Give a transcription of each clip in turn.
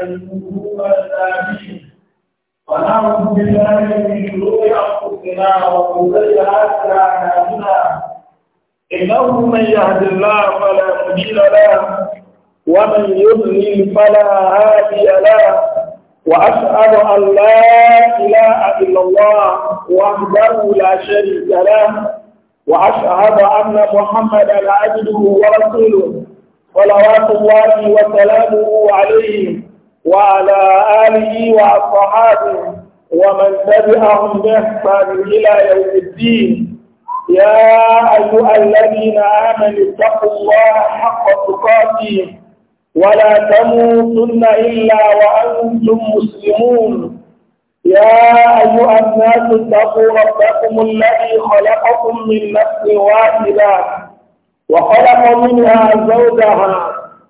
ونعوذ بالله من شرور أنفسنا ومن سيئات أعمالنا إنه من يهد الله فلا مضل له ومن يضلل فلا هادي له وأشهد أن لا إله إلا الله وحده لا شريك له وأشهد أن محمدا عبده ورسوله صلوات الله وسلامه عليه وعلى آله وأصحابه ومن تبعهم بإحسان إلى يوم الدين يا أيها الذين آمنوا اتقوا الله حق تقاته ولا تموتن إلا وأنتم مسلمون يا أيها الناس اتقوا ربكم الذي خلقكم من نفس واحدة وخلق منها زوجها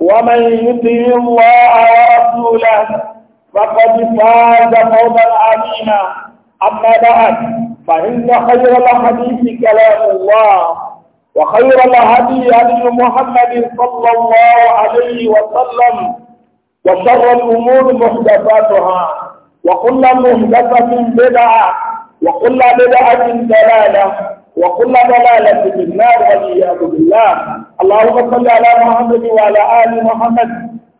ومن يطيع الله ورسوله فقد فاز فوزا عظيما اما بعد فان خير الحديث كلام الله وخير الهدي هدي محمد صلى الله عليه وسلم وشر الامور محدثاتها وكل محدثه بدعه وكل بدعه دلاله وكل دلاله في النار والعياذ بالله اللهم صل على محمد وعلى آل محمد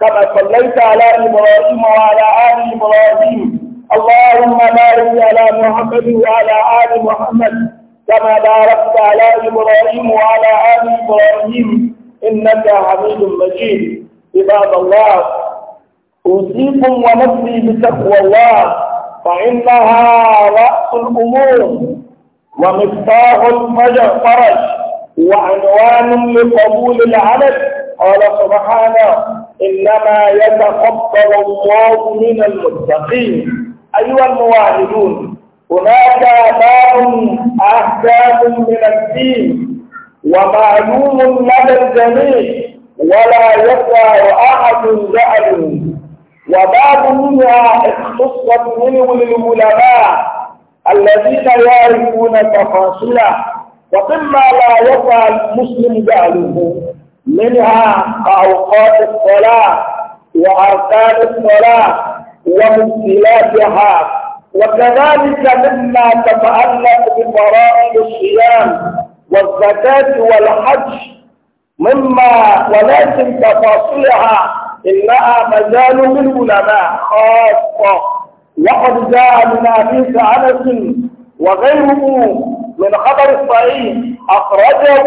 كما صليت على إبراهيم وعلى آل إبراهيم اللهم بارك على محمد وعلى آل محمد كما باركت على إبراهيم وعلى آل إبراهيم إنك حميد مجيد عباد الله أوصيكم ونفسي بتقوى الله فإنها رأس الأمور ومفتاح الفرج وعنوان لقبول العمل قال سبحانه إنما يتقبل الله من المتقين أيها المواهدون هناك باب أهداف من الدين ومعلوم لدى الجميع ولا يقع أحد جعل وباب منها اختصت منه للعلماء الذين يعرفون تفاصيله ومما لا يفعل مسلم جعله منها أوقات الصلاة وأركان الصلاة ومسلاتها وكذلك مما تتعلق بفرائض الصيام والزكاة والحج مما ولكن تفاصيلها إنها مجال للعلماء خاصة وقد جاء من حديث أنس وغيره من خبر الصحيح أخرجه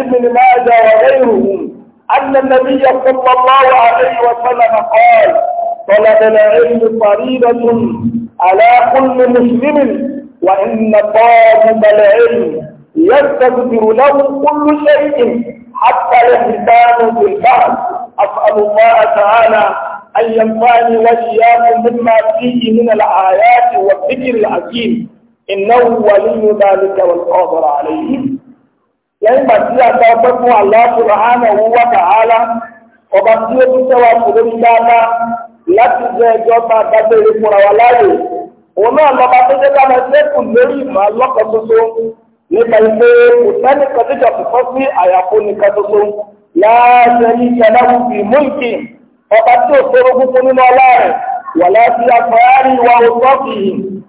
ابن ماجه وغيره أن النبي صلى الله عليه وسلم قال طلب العلم فريضة على كل مسلم وإن طالب العلم يستغفر له كل شيء حتى الاهتمام بالبعض أسأل الله تعالى أن ينفعني وإياكم مما فيه من الآيات والذكر العجيب ìnáwó wàlí yóò dá lókè wọn kọ́ ọ̀bọ̀rọ̀ àlẹ́ yìí. lẹ́yìn ìgbà tí a ta ọpẹ́ fún Allah subhanahu wa ta'ala ọba tí ó tún sẹ́wà kò lórí dáadáa láti jẹ́ ẹjọ́ máa dágbére fúnra wa láàyè. òun náà lọ́ba tó jẹ́ káma sẹ́kù lórí ìmọ̀ lọ́kọ̀ tuntun nípa ìpè kò sẹ́ni kọ́tíjà kò sí àyàfó nìkan tuntun láàṣẹ ní ìṣẹ̀dáwó fi mú ọba tí ò tó rogún nínú ọlá rẹ̀ wà láti àpárí wa ò tọ́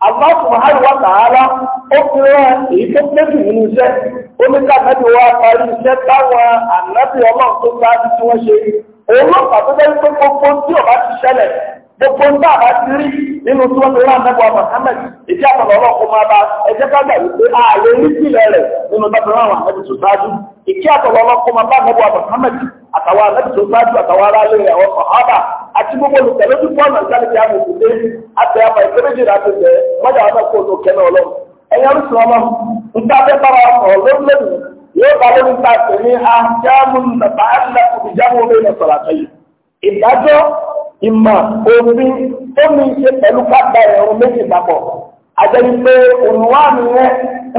Allah subhanahu wa ta'ala ó fi rán èyí tó pẹ́jù nínú iṣẹ́ ó ní káàkiri wá parí iṣẹ́ táwọn ànábì ọlọ́run tó sáájú tí wọ́n ṣe òun ló pàtẹ́jẹ́ pé gbogbo tí ọba ti ṣẹlẹ̀ gbogbo ń bá àbá ti rí nínú tí wọ́n ti rán ànábì ọmọ ìdí àtọ̀lọ́ ọlọ́run kó ká gbà wípé ààyè ní rẹ̀ nínú tábìlì àwọn ànábì tó sáájú ìkí àtọ̀wọ̀ ọlọ́kọ́ ma bá mẹ́bọ̀ Muhammad àtàwọn alẹ́bùsọ̀ sáájú àtàwọn aráàlú rẹ̀ àwọn sọ̀hábà àti gbogbo fọ́ọ̀nà tí a mọ̀ sí pé àti àmọ̀ ìkérèjì rà ti bẹ̀ẹ́ mọ́jà wọn kó ló kẹ́lẹ́ ọlọ́run ẹ̀yẹ rúṣin ọlọ́run níta fẹ́ bára ọ̀rọ̀ lórílẹ̀ yóò bá lórí ta sí ní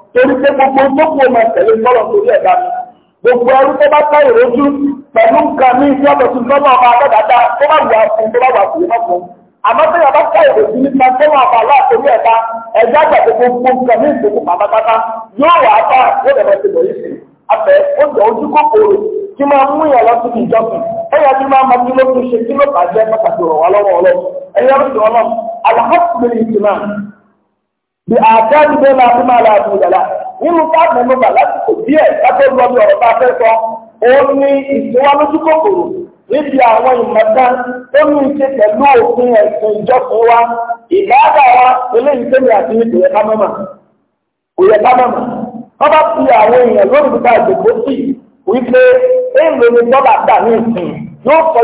torí pé gbogbo tó kú ọmọ ìtẹ̀lé sọ́lọ̀ torí ẹ̀dá mi gbogbo ẹrú tó bá táyì lójú pẹ̀lú nǹkan mi ní ọ̀dọ̀ tuntun náà máa bá dáadáa tó bá wù àfún tó bá wà fún náà fún àmọ́ tó yàrá táyì lójú nípa tó máa bà láà torí ẹ̀dá ẹ̀dá àgbàdo gbogbo nǹkan mi ìdòkú pàápàá yóò wà á bá yóò dẹ̀ bá ti bọ̀ yìí sí abẹ́ ó jọ ojú kòkòrò kí máa mú yàn lọ síbi ìjọsìn ó yà kí máa máa kí ló tún ṣe kí ló bàjẹ́ pàtàkì rọ̀ wá lọ́wọ́ ọlọ́run ẹ̀yẹ́ rẹ̀ bí àtẹ́bí bẹ́ẹ̀ máa fi máa láàbù yàrá nínú táàbù mẹ́fà díẹ̀ ọ̀rọ̀ sọ òun ni ìsìnwálójú kòkòrò níbi àwọn ìmọ̀ta tó ní ṣe pẹ̀lú òfin ẹ̀sìn ìjọsìn wa ìdáàbà wa eléyìí tẹ́mi àti ìyẹ kámẹ́mà òyẹ kámẹ́mà wọ́n bá fi àwọn èèyàn lórí ìgbà ìdìbò sí wípé èèlò ni dọ́là gbà ní ìsìn yóò sọ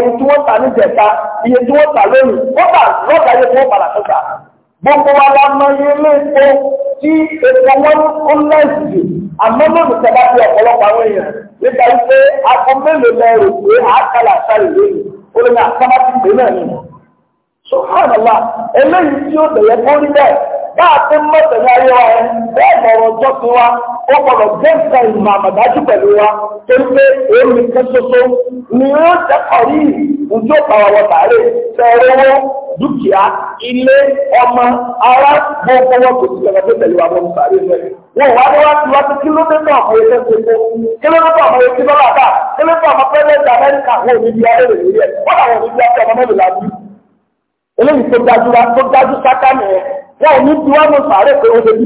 iye tí wọ́n ta gbogbo wa la mọ ilé epo tí epo wọn ó lẹ́sì àmọ́ lónìí sábà bí ọ̀pọ̀lọpọ̀ àwọn èèyàn nípa wípé akọ mélòó lẹ rò pé àákàlà sáré lónìí ó lè ní àtàmà ti gbé náà nìyẹn. sọ́kànlá eléyìí tí ó bẹ̀yẹ kó rí bẹ́ẹ̀ bá a ti mọ̀ tẹ̀lé ayé wa ẹ bẹ́ẹ̀ mọ̀rọ̀ ọjọ́ ti wá ó gbọ́dọ̀ jẹ́ nǹkan ìmọ̀ àmàdájú pẹ̀lú wa tó ń pé èmi kan ṣoṣo ni ó dẹ́kọ̀ rí ìjọ pàwọ̀wọ̀ tààrẹ tẹ̀rẹ̀wọ́ dúkìá ilé ọmọ ará gbogbo wọn kò sí ẹ̀rọ tó tẹ̀lé wa mọ́ tààrẹ rẹ̀. wọn wá ní wá sí wá sí kílómítà àwọn ẹgbẹ́ gbogbo kílómítà àwọn ẹgbẹ́ dọ́là ká kílómítà àwọn pẹ́lẹ́dì amẹ́ríkà wọn ò ní bí adé rẹ̀ lórí ẹ̀ wọ́n àwọn òbí bí adé ọmọ mẹ́rin lábí. eléyìí tó dájú sáká nìyẹn wọn ò ní bí wọn mọ tààrẹ pé ó ṣe bí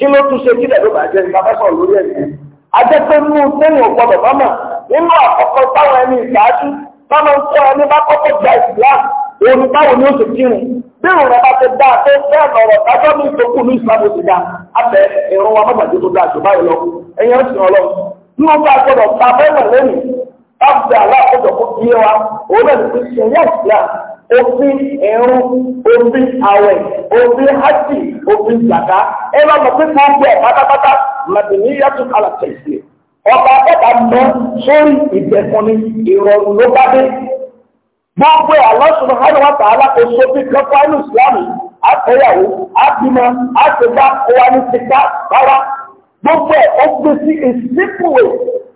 kí ló tún ṣe kí lẹ̀ ló bàjẹ́ ìgbàfẹ́ sọ̀rọ̀ lórí ẹ̀ nìyẹn. ajẹ́pẹ́ mú tẹ́yìn ọ̀gbọ́dọ̀ bámà nínú àkọ́kọ́ táwọn ẹni ìṣáájú táwọn ń kọ́ ẹni bá kọ́kọ́ gba ìsìláàmù òun báwo ni ó ṣe kírun bí òun ọba ti dáa tó bẹ́ẹ̀ lọ̀rọ̀ dájọ́ ní ìtòkù ní ìsìláàmù ti dáa abẹ ìrún wa mọ́gbàdé tó dáa jù báyìí lọ ẹ̀yìn ọ̀sìn ọlọ́run nínú bá gbọ́dọ̀ ta bẹ́ẹ̀ lẹ́yìn ọgbà aláàkójọ kó bí wa òun náà ti ṣẹlẹ̀ ìṣẹlẹ̀ òfin ẹrún òfin àwẹ̀ òfin hajj òfin zaka ẹ bá mọ̀ pé gbogbo ẹ pátápátá màdìní yàtọ̀ kálá tẹsí ọba ọba mọ sórí ìgbẹkùnrin ìrọ̀rùn ló bá dé gbogbo àlọ́sùn hàn wá tààlà kò sófin kankan ní ìsìlámù àtẹyàwó àbímọ àtẹgbà kọwa ní tìta rárá gbogbo ẹ ó gbé sí a simple way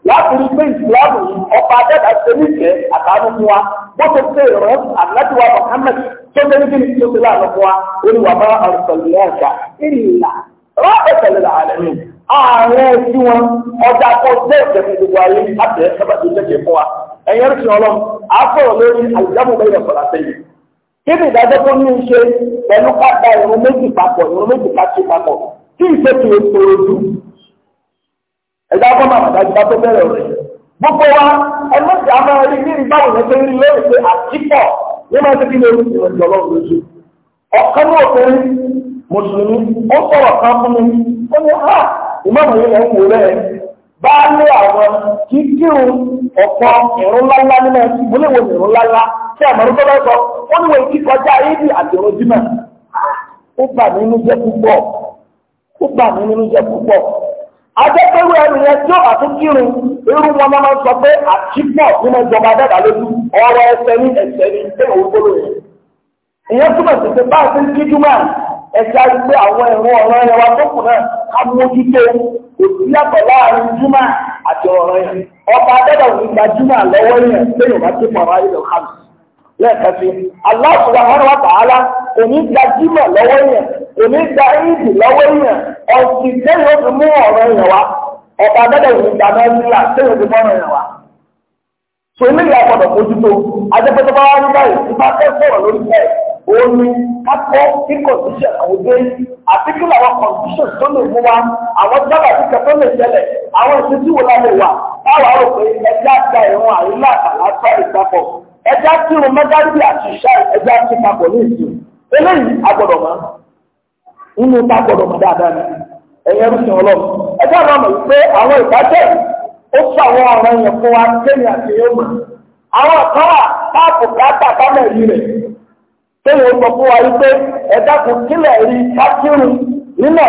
láti rí pé ìsìláàmù yìí ọba dẹ́gbà ṣe níjẹ́ àtàánú fún wa bó ṣe ṣe ìrọ̀rùn àlájúwa Muhammad tó ṣe ní kíni tó ṣe láàánú fún wa olùwà bá àrùsọ̀lẹ̀ ọ̀gá ìrìnlá rọ́ọ̀tẹ̀lẹ̀ làálẹ̀ mi. ààrẹ sí wọn ọjà kó jẹ́ ìjẹ̀fún gbogbo ayé àti ẹ̀sẹ̀bà tó jẹ́jẹ̀ fún wa ẹ̀yẹ́ rí sinọ́lọ́ àfọ̀rọ̀ lórí àlùjábù bẹ́ẹ̀ sọ̀rọ̀ kí ni ìdájọ́ tó ní í ṣe pẹ̀lú ká da ìrun méjì papọ̀ ìrun méjì ká ṣe papọ̀ kí ìṣètò ètò ojú ìgbà tó bẹ̀rẹ̀ rẹ̀. Gbogbo wa ọnụ amáyẹrí ní ìgbà wò rí lórí pé àtìpọ̀ ní máa ti kíni n'elu ìrìnàjò ọlọ́run lójú. Ọ̀kan ní òkèrè Mùsùlùmí ó sọ̀rọ̀ kan fún mi ó ha ah, ìmọ̀mọ̀ yìí lẹ́yìn rẹ̀ bá lé àwọn kí ajẹ́pẹ́wé ẹnu yẹn tí ó bá tún kírun irú wọn máa ń sọ pé àtìpọ̀ nínú ìjọba dẹ́gbà lójú ọ̀rọ̀ ẹsẹ̀ ní ẹsẹ̀ ní pé òun gbóló yẹn. ìyẹn túmọ̀ sí pé bá a ti ń kíjú máa ẹsẹ̀ á rí pé àwọn ẹ̀rọ ọ̀rọ̀ ẹ̀rọ wa tó kù náà ká mójútó kò sí yàtọ̀ láàrin júmọ̀ àti ọ̀rọ̀ yẹn. ọba dẹ́gbà òun gba júmọ̀ lọ́wọ́ yẹn lẹ́yìn ọba tó pọ̀ lẹ́ẹ̀kan sí Allah subhanahu wa ta'ala kò ní gba jímọ̀ lọ́wọ́ èèyàn kò gba éèdì lọ́wọ́ èèyàn ọ̀sìn tẹ́yìn ó fi mú ọ̀rọ̀ wá ọ̀pá náà nílà tẹ́yìn ó fi mú ọ̀rọ̀ wá. so ìyá gbọdọ̀ fojú tó ajẹ́pẹ́tẹ́ bá wá ní báyìí tí bá fẹ́ sọ̀rọ̀ lórí bẹ́ẹ̀ ni kí kọ̀ǹdíṣẹ̀ àwọn dé àti kí làwọn tó lè mú ẹja tí o mẹ́gáàdì àti ẹja tí papọ̀ ní ìsìn eléyìí agbọ̀dọ̀ mọ́ nínú ta gbọ́dọ̀ mọ́ dáadáa ni ẹ̀yẹ ń sìn ọlọ́run ẹja náà mọ̀ pé àwọn ìbájẹ́ ó fún àwọn ọ̀rọ̀ yẹn fún wa kéèyàn àti yóò mọ̀ àwọn kan wà páàpù káàtà kámẹ́ rí rẹ̀ sọ fún wa wípé ẹja kò kílẹ̀ rí kákírun nínú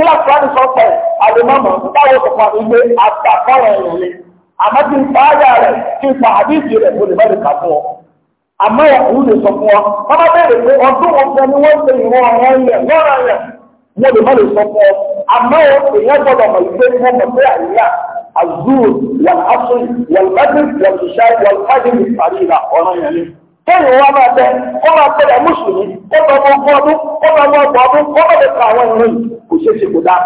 ọ̀rọ̀ àdèmọ́mọ́ àmọ́ tí ń pa áyà rẹ̀ tí ń pa àdéhìí rẹ̀ kò lè má lè kà fún ọ. àmọ́ òun lè sọ fún ọ bàbá bẹ̀rẹ̀ pé ọdún ọ̀sẹ̀ ni wọ́n ṣe ìwọ̀n ọ̀rọ̀ yẹn lọ́rọ̀ yẹn wọ́n lè má lè sọ fún ọ. àmọ́ èèyàn gbọ́dọ̀ mọ̀ ìgbé wọn mọ̀ pé àyíká azul wal asun wal badr wal isha wal fajr ní ìparíra ọ̀rọ̀ yẹn ni. Kéèyàn wá máa bẹ, ó máa bẹ̀rẹ̀ mùsùlùmí, ó máa mọ ọgbọ́n ọdún, ó máa mọ ọgbọ́n ọdún, ó máa lè àwọn ìròyìn kò ṣeé ṣe kò dáa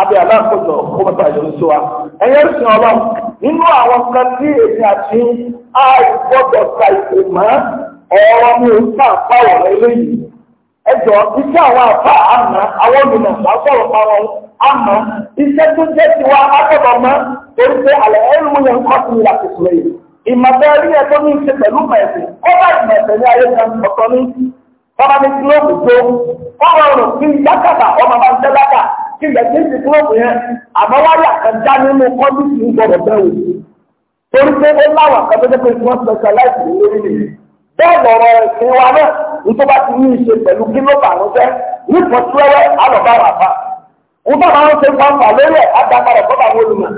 abẹ́ alákòjọ kó mẹ́ta yọ̀ sí wa ẹ̀yẹ́ sìn ọlọ́run nínú àwọn kan tí èmi àti àìgbọ́dọ̀ ka ìpè mọ́ ọ̀rọ̀ mi ò sá apá ọ̀rọ̀ eléyìí ẹjọ́ iṣẹ́ àwọn apá àmọ́ àwọn olùmọ̀ àgbọ̀rọ̀ pàrọ̀ àmọ́ iṣẹ́ tó jẹ́ tiwa agbọ̀dọ̀ mọ́ torí pé àlẹ́ ẹ̀rù yẹn kọ́ sí ìlàkùn sílẹ̀ yìí ìmọ̀tẹ́rí ẹ̀ tó ní í ṣe pẹ̀lú mẹ̀sìn kọ́lá ìmọ̀tẹ́ ní ayé kan ọ̀tọ̀ ní bàbá mi gílóòbù tó kọ́lá ọ̀rọ̀ sí yákàtà ọmọ bá ń tẹ́ lákà kí gbẹ̀gbẹ́ ti kúrọ̀pù yẹn àmọ́ wá yà kan já nínú kọ́dù tí ń gbọdọ̀ bẹ́ẹ̀ wò torí pé ó láwọn akẹ́kọ̀ọ́ pé wọ́n specialize lórí nìyí bẹ́ẹ̀ lọ́rọ̀ ẹ̀sìn wa náà nítorí bá ti ní í ṣe pẹ̀lú kí ló bàánú jẹ́ nípa tíwẹ́wẹ́ alọ̀bára àbá wọn bá máa ń ṣe pàǹpà lórí ẹ̀ agbára bọ́dà wọn lùmọ̀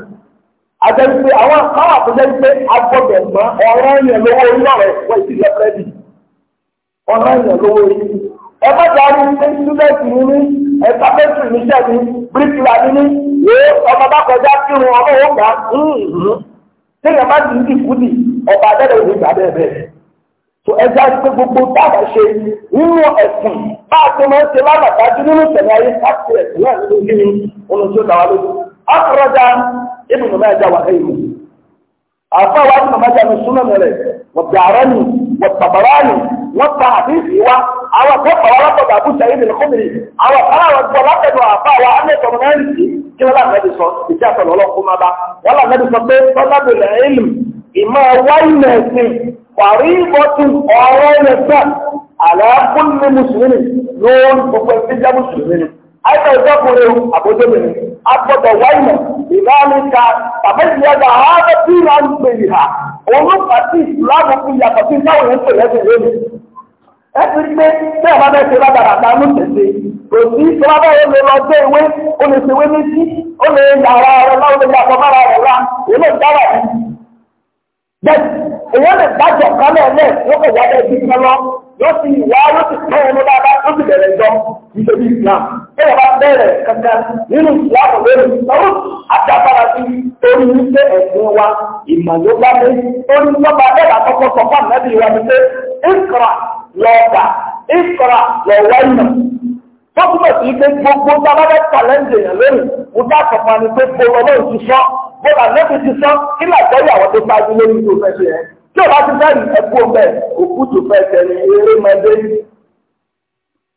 àjẹsí àwọn káwà tó jẹ́ pé agbọ́dọ̀ mọ́ ọ̀rọ̀ yẹn lówó orí ọ̀rẹ́ wọ́n ti lọ fẹ́ bì ọ̀rọ̀ yẹn lówó orí ẹ bá darí ní sílẹ̀ sí ní ẹ̀ka pẹ́ntì níṣẹ́ ni bíríkìlà ní ní yóò ọmọ bá kọjá kírun ọmọ òun gbà ń tí èèyàn bá ti ń dìkú dì ọba adẹ́rẹ́ òní gbà bẹ́ẹ̀ bẹ́ẹ̀. tó ẹja pé gbogbo táàbà ṣe nínú ẹ̀sìn bá a ti máa ń ṣe lálàtàjú nínú ìṣẹ̀lẹ̀ ayé káàkiri ẹ̀sìn náà nínú kí ni ohun tí ó dáwà lójú. akọrọjà ibùdó náà wà lẹ́yìn. àfọwọ́ wọ̀tàbàránì wọ́n ta àdéhìí wa àwọn akẹ́kọ̀ọ́ wa látọ̀dọ̀ àbúṣe ayé nìkan kọ́mìnì àwọn aláwọ̀ gbọ́ látẹ̀dọ̀ àbá wa amẹ́tọ̀ mọ́ náírà sí kí wọ́n làmẹ́dì sọ ìdí àtọ̀lọ́ ọlọ́kùn máa bá wọ́n làmẹ́dì sọ pé àìsàn ìjọkùnrin àbójúbìnrin agbọ́dọ̀ wáyé ìlànìka tàbẹ́sìlẹ́gbà ààrẹ tí wọ́n ń pè ìhà olùkà sí ìsìláàmù fún yàtọ̀ sí táwọn ń pè lẹ́sìn lónìí. ẹ ti rí bẹ́ẹ̀ ṣe lágbára àtàánú tẹ̀sí kò sí ìṣọ́lábà yẹn lè lọ gbé ìwé ó lè ṣèwé ó lè yàrá láwọn yàtọ̀ rẹ̀ ìdára rẹ̀. bẹ́ẹ̀ lè dájọ́ kálẹ̀ kọ̀ wá bẹ́ẹ̀ bẹ́ẹ̀ bá bẹ̀rẹ̀ kankan nínú ìsìláàmù lórí ìsọ̀rọ̀ àtàbára sí torí wípé ẹ̀sìn wa ìmọ̀ ló bá dé torí lọ́ba bẹ́ẹ̀ bá kọ́kọ́ sọ fún àmì wa ni pé ìkọ̀rà lọ́ọ̀dà ìkọ̀rà lọ́ọ̀wá ìmọ̀ tó túmọ̀ sí pé gbogbo tábàbẹ́ tàlẹ́ǹdì yẹn lónìí mo bá sọ fún àmì pé bọ́lọ́ ló ti sọ bọ́lá lẹ́bi ti sọ kí làgbọ́yà ti bá yín lórí ìlú fẹ́ tí ò bá ti fẹ́ rí ẹ̀kú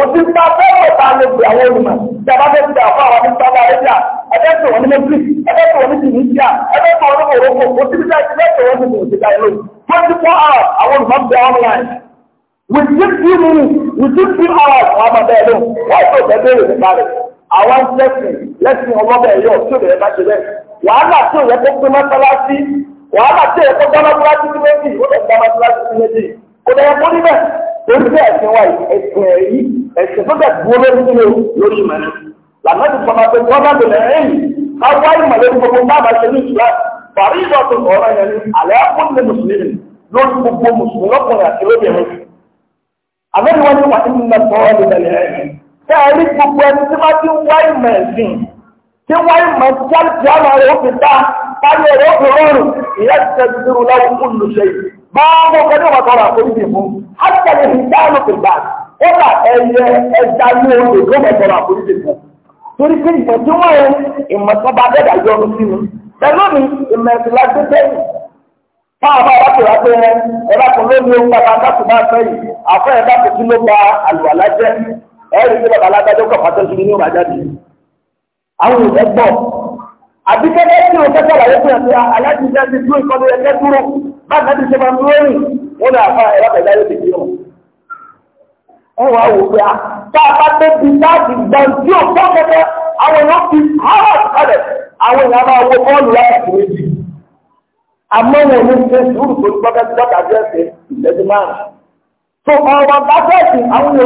òsì ń ta fẹ́ẹ̀rẹ̀ gbé àwọn olùmọ̀ tí a bá fẹ́ gbé àfọ àwọn nípa bá rẹ́jà ẹgbẹ́sọ̀ wọn ní mẹ́tírì ẹgbẹ́sọ̀ wọn ní tunisia ẹgbẹ́sọ̀ wọn ní morocco òsì ń ta ẹgbẹ́sọ̀ wọn ní tunisia twenty four hours àwọn olùmọ̀ online with six few minutes with six few hours wọn bá bẹ́ẹ̀ lọ wọ́n tó bẹ́ẹ̀ bẹ́ẹ̀ rẹ̀ balẹ̀ àwọn lẹ́sìn lẹ́sìn ọlọ́bẹ̀ oríṣi ẹ̀sìn wa ẹ̀sìn ẹ̀yí ẹ̀sìn tó dẹ̀ dúró lórí kíni o lórí ìmọ̀ ni lànà ti sọ̀rọ̀ pé wọ́n bá bẹ̀rẹ̀ ẹ̀yìn ká wá ìmọ̀ lórí gbogbo bá bá ṣe ní ìṣúra parí ìdọ̀tún ọ̀rọ̀ yẹn ni àlẹ́ fún ní mùsùlùmí lórí gbogbo mùsùlùmí lọ́kùnrin àti lóbìnrin àmẹ́ni ni wà ní nà sọ̀rọ̀ ní bẹ̀rẹ̀ tí wọ́n ti wá ìmọ̀ tí wọ́n ìmọ̀ kíákíá ó fi dá táyọ̀ rẹ̀ ó fi rọrùn ìyá ti tẹ̀ gbogbo pẹ̀lú ọ̀tọ̀rọ̀ àforíjì fún ápẹ̀lẹ̀ ìdáhùn tó gbà ó bà ẹyẹ ẹja ní oúnjẹ tó bẹ̀tọ̀rọ̀ àforíjì fún torí pé ìmọ̀ tí wọ́n ń ìmọ̀ tó bá bẹ́ẹ̀ dájọ́ ọdún sí mi pẹ̀lú mi ìmọ̀ ẹ̀sìn láti sẹ́yìn fáwọn bá wà pèrè àpè rẹ ẹ̀rọ kan ló ní ohun bàbá láti bá sẹ́yìn àfẹ́ ẹ̀dá kò sí ló gba àlùwàlá jẹ́ ẹ̀rí tí bàbá alágbájọ́ kọ̀ pàtó sí ní ìwà jáde àwọn ìwé gbọ́ àbíkẹ́kẹ́ tí o fẹ́ sọ̀rọ̀ yẹn fún ẹ̀ bá nàbí ṣe máa ń lórí wọn náà fà ẹ ìdáyé ti fi hàn. ẹ wà wò pé a tá a bá láti gbàǹdí òkú kẹkẹ àwọn èèyàn fi hàrà kalẹ̀ àwọn èèyàn máa bọ́ọ̀lù láti méjì. àmọ́ wọn ní ṣe sùúrù tó ìlẹ́jú márùn. tó bá bẹ́ẹ̀sì àwọn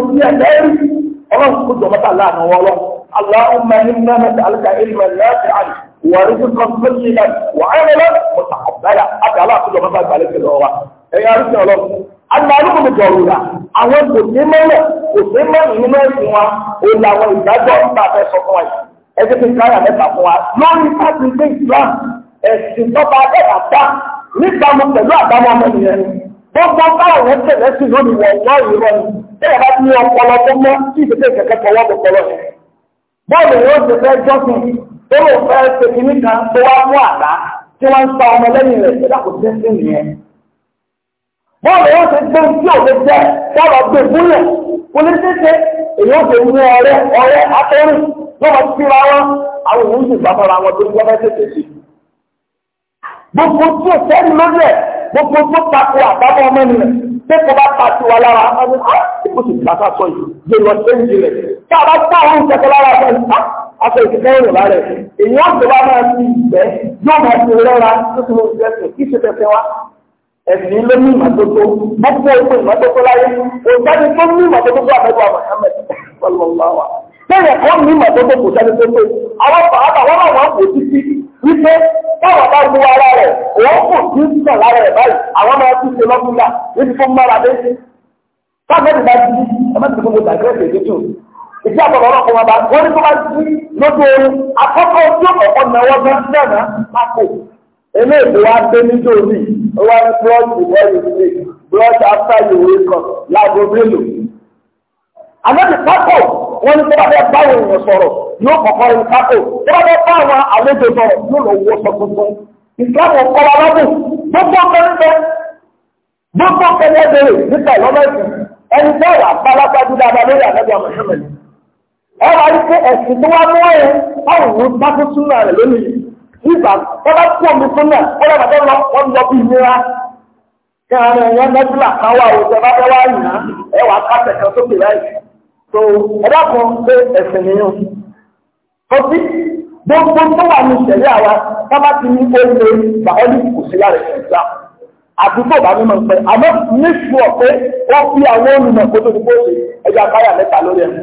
ọlọ́run wọn ورزقا طيبا وعملا متقبلا ابي الله كل ما بقى عليك اللي اي عرفت الله المعلوم بالضروره àwọn kò tó lò fẹ́ ṣe kìíní kan tó wá mú àdá tí wọ́n ń sa ọmọ lẹ́yìn rẹ̀ ẹ̀dá kò tẹ́ sí nìyẹn. bọ́ọ̀lù yóò ṣe gbé tí ò lè jẹ́ sọ̀rọ̀ gbé fúnlẹ̀ kò lè ṣe ṣe èyí ó ṣe mú ọ̀rẹ́ ọ̀rẹ́ atẹ́rù lọ́wọ́ síra wọn àwọn èèyàn sì gbà fọ́ra wọn tó ń gbọ́dọ̀ tètè sí. gbogbo tí ò sẹ́ni lórí ẹ̀ gbogbo tó tako àbábọ̀ ọmọ nìyẹn pé kò bá ta tiwa lára ọmọ nìyẹn kò sì gbà sá sọ yìí lè lọ sẹ́yìn jìnlẹ̀ tá a bá tá àwọn ìṣẹ̀kẹ̀ lára ọmọ nìyẹn aṣọ ìṣẹ̀lẹ̀ ìrò lára ẹ̀ èyí wọ́n tó bá máa fi ìgbẹ́ yóò máa fi rẹ́ra tó ti mọ ìṣẹ̀sìn kí ṣe tẹ̀sẹ̀ wa ẹ̀sìn ló ní ìmọ̀tótó mọ́tò ìpò ìmọ̀tótó láyé kò sẹ́ni tó ní ìmọ̀tótó tó àbẹ̀wò Muhammad sallallahu alaihi wasallam bẹ́ẹ̀ kọ́ ní ìmọ̀tótó kò sẹ́ni tó pé àwọn bàbá wípé táwọn bá lu ara rẹ̀ wọ́n kò tí ń lára rẹ̀ báyìí àwọn máa tún ṣe lọ́gbùnlá níbi tó mára dé. sábẹ́ni bá ti ẹ má ti fún mi ìdí àtọ̀rọ̀ ọlọ́kọ̀ wọn bá wọ́n ní tó bá jí lójú oorun akọ́kọ́ tí ó kọ̀kọ́ na wọ́n bá sílẹ̀ náà pákó eléèdè wa dé níjó rí wọ́n ní blọ́ọ̀tì wọ́n yóò ṣe blọ́ọ̀tì after you wake up láago mélòó. àmọ́tí pákó wọ́n ní tó bá fẹ́ bá òun sọ̀rọ̀ yóò kọ̀kọ́ rí pákó tó bá fẹ́ bá àwọn àlejò sọ̀rọ̀ yóò lọ wọ́ sọ tuntun ìsìlámù ọkọ̀ wa lábù gbogbo ọkọ̀ níbẹ̀ gbogbo ọkọ̀ ní ẹgbẹ̀rẹ̀ nípa ìlọ́mọ̀ ẹ̀sìn ẹni tẹ́wàá bá lápájú dáadáa lórí àdájọ́ àmọ̀ ẹ wá rí pé ẹ̀sìn tó wá mọ́ ẹ báwo ló bá tó súnmọ́ rẹ̀ lónìí nígbà wọn bá kú omi súnmọ́ ẹ lọ́ba tó lọ wọn lọ bí ìnira kí àwọn ẹ̀yàn mẹ́tìlá kan wà òjò bá fẹ́ wá yìí ẹ wà kásẹ̀ kan sókè láì tó ẹ dákun pé ẹ̀sìn nìyẹn tó gbogbo tó wà ní ìṣẹ̀lẹ̀ àwa sábà ti ní ó lè gbà ọ́ ní kò sí lára ìṣẹ̀lẹ̀ àdúgbò bá mímọ̀ pé àmọ́ ní sùọ́ pé wọ́n fi àwọn olùmọ̀ kó tó ṣe ẹja káyà mẹ́ta lórí ẹ̀mí.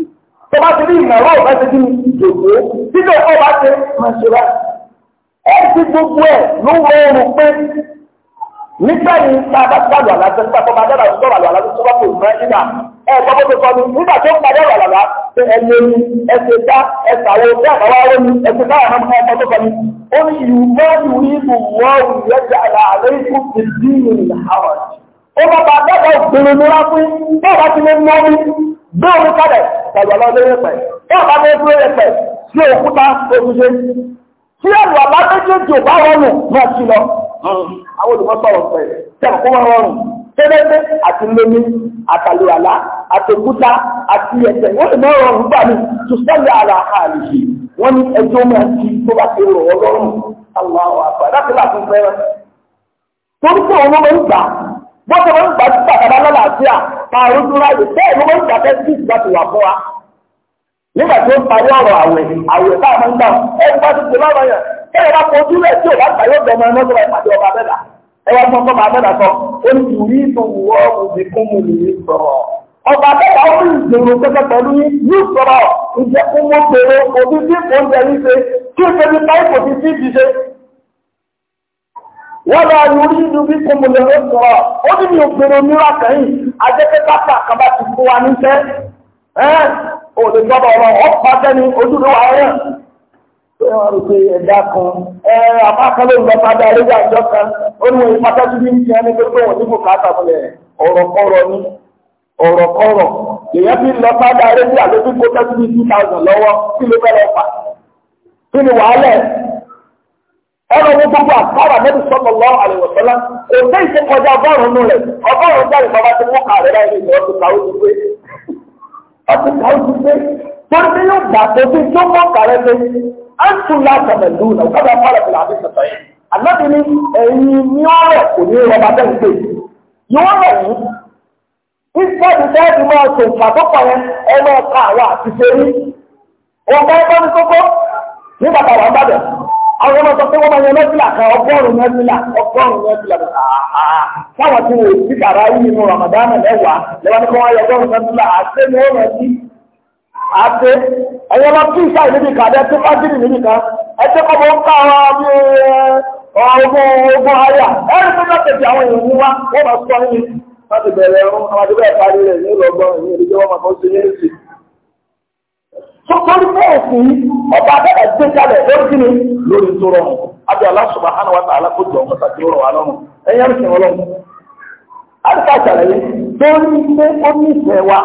tó bá ti ní ìmọ̀ràn ọ̀gá ti dín ìjòkó títẹ̀ ọba ti máa ṣe rẹ̀. ẹ ti gbogbo ẹ̀ ló wọ oorun pé nígbà yìí tá a bá ti wàlú àlàjẹ nígbà tó bá dára tó wàlú àlàjẹ tó bá kò mọ nígbà ẹ gbọ́ bó ti sọ ni nígbà tó padà wà lálá ṣe ẹni omi ẹsẹ̀ dá ẹsẹ̀ àwọn ojú àbáwá owó ni ẹsẹ̀ dá àwọn ọmọ ọmọ tó sọ ni ó ní ìlú mọ́ọ̀lù ní ìlú wọ́ọ̀lù yẹjà àlàyé ikú ti dín ìrìn àwọn. ó bá bá dábàá ògbèrè ní wá fún bá bá ti lè mọ́ mi gbé omi kalẹ̀ tàbí ọlọ́lẹ́yẹ pẹ̀ tí ọ̀bá mi dúró yẹ pẹ̀ sí òkúta òṣìṣẹ́ tí ẹ̀rù àbá méjèèjì ò bá rọrùn náà sí lọ. àwọn olùkọ́ sọ̀rọ̀ pẹ̀ tí ẹ̀kọ́ wọn rọrùn tẹ́lẹ́tẹ́ àti lómi àtàlù àlá àtòkúta àti ẹ̀tẹ̀ wọ́n lè máa rọrùn gbà mí tó sẹ́lẹ̀ àlà àlùfì wọ́n ní ẹjọ́ máa ti tó bá ti rọ̀ ọlọ́run àwọn àwọn àpá láti láti fẹ́ràn. torí pé òun ló ń gbà bọ́sẹ̀ ló ń gbà àrùn tó ráyè bẹ́ẹ̀ ló ń gbàtẹ́ sí ìgbà tó wà fún wa. nígbà tó ń parí ọ̀rọ̀ àwẹ̀ àwẹ̀ tá a máa ń gbà ẹ bá ti ṣe lọ́rọ̀ yẹn bẹ́ẹ̀ bá fojú rẹ̀ tí ò bá gbà yóò gbẹmọ ẹmọ tó bá ìpàdé ọba abẹ́dà ẹ wá fún ọba abẹ́dà sọ ó ní ìwúrí tó wù ọ́ òbí fún mi nìyí sọ̀rọ̀. ọba abẹ́dà ó ní ìgbèrò pẹ́pẹ́ pẹ̀lú yìí sọ̀rọ̀ ìjẹ́kùn mọ́ gbèrò òbí tí kò ń jẹ wọ́lá yorí níbi kòmùlẹ̀ ló sọ̀rọ̀ ó ní mi ò gbèrò kẹ́yìn ajẹ́kẹ́ ti fún wa níṣẹ́ ẹ́ ò lè gbọ́dọ̀ ọ̀rọ̀ ọ̀pá tẹ́ni ojúlé wa rẹ̀ ṣé wọ́n rò pé ẹ̀dá kan ló ń lọ padà àjọ kan ó ní pátá ní pé wọ́n ọlọ́wọ́ gbogbo àkàrà Ànábì sallallahu alaihi wasallam kò dé ìṣekọjá ọgọ́rùn-ún rẹ̀ ọgọ́rùn-ún jáde bàbá tí wọ́n kà láì lè ọtún kàó ti pé ọtún kàó ti pé torí pé yóò gbà tó bí tó kàrẹ́ pé á ń tún àbí sọ̀tọ̀ àlọ́bí ni ẹ̀yin ní ọ̀rọ̀ kò ní rọba àwọn ọmọ sọ pé wọ́n máa yan mẹ́fìlà kan ọgọ́rùn-ún mẹ́fìlà ọgọ́rùn-ún mẹ́fìlà táwọn tí wọ́n ti kàrá yìí nínú Ramadan mẹ́wàá lẹ́wọ́n ní kí wọ́n yọ ọgọ́rùn-ún mẹ́fìlà àti ní ọmọ ẹbí àti ẹ̀yọ́ máa tún ìṣá ìlú nìkan àti ẹtí fájìlì nìyí kan ẹtí kọ́ bó ń ká ọmọ ọgbọ́n ogun ayà ẹ̀rí fún mẹ́tẹ̀ẹ̀tì àwọn èèyàn ní wá wọ́n máa sọ yín láti bẹ̀rẹ̀ ẹ̀rún àwọn àdúgbò ẹ̀fà rẹ̀ ní ìlú ọgbọ́n ìlú ìjọba máa kọ́ sí ní èsì tó torí pé òfin ọba abẹ́rẹ́ gbé kalẹ̀ lórí kí ni lórí tó rọrùn abẹ́ Allah subhanahu wa ta'ala kó jọ ọmọ tàbí rọ̀ wá lọ́rùn ẹ̀yẹ́ ń sìn ọlọ́run. àríkà ṣàlàyé torí pé ó nífẹ̀ẹ́ wa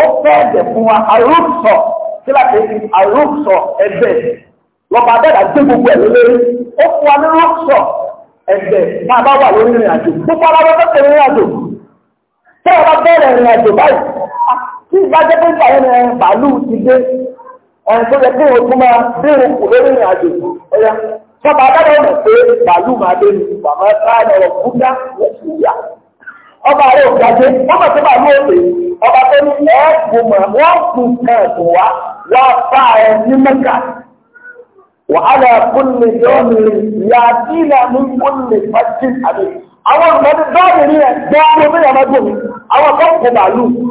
ó fẹ́ ẹ̀dẹ̀ fún wa àrùsọ̀ síláṣẹ́ àrùsọ̀ ẹ̀bẹ̀ lọ́ba abẹ́rẹ́ gbé gbogbo ẹ̀ lórí ó fún wa ní rùsọ̀ ẹ̀bẹ̀ máa bá wà lórí ìrìn àjò gbogbo ara wọn fẹ́ ìrìn àjò tẹ́ ọ bá bẹ̀rẹ̀ ìrìn àjò báyìí ah, tí ìgbà jẹ́ pé ìgbà yẹn bàálù ti dé ẹni tó yẹ kí wọ́n tún máa bẹ̀rù kù lórí ìrìn àjò ẹ̀yà sọba adájọ́ mọ̀ pé bàálù máa dé ní bàbá táyà ọ̀rọ̀ búdá lẹ́sùlùyà ọba rẹ̀ òjáde wọ́n mọ̀ sí bàálù òde ọba tó ní ẹ̀ẹ́dùnmọ̀ wọ́n kù kẹ̀ẹ̀dùn wá wá bá ẹ ní mẹ́kà wàhálà kúnlẹ̀ yọ̀ọ̀nì yàtí ìlànà kúnlẹ̀ ní ẹ̀ gbọ́ ọmọ mi àwọn kan kò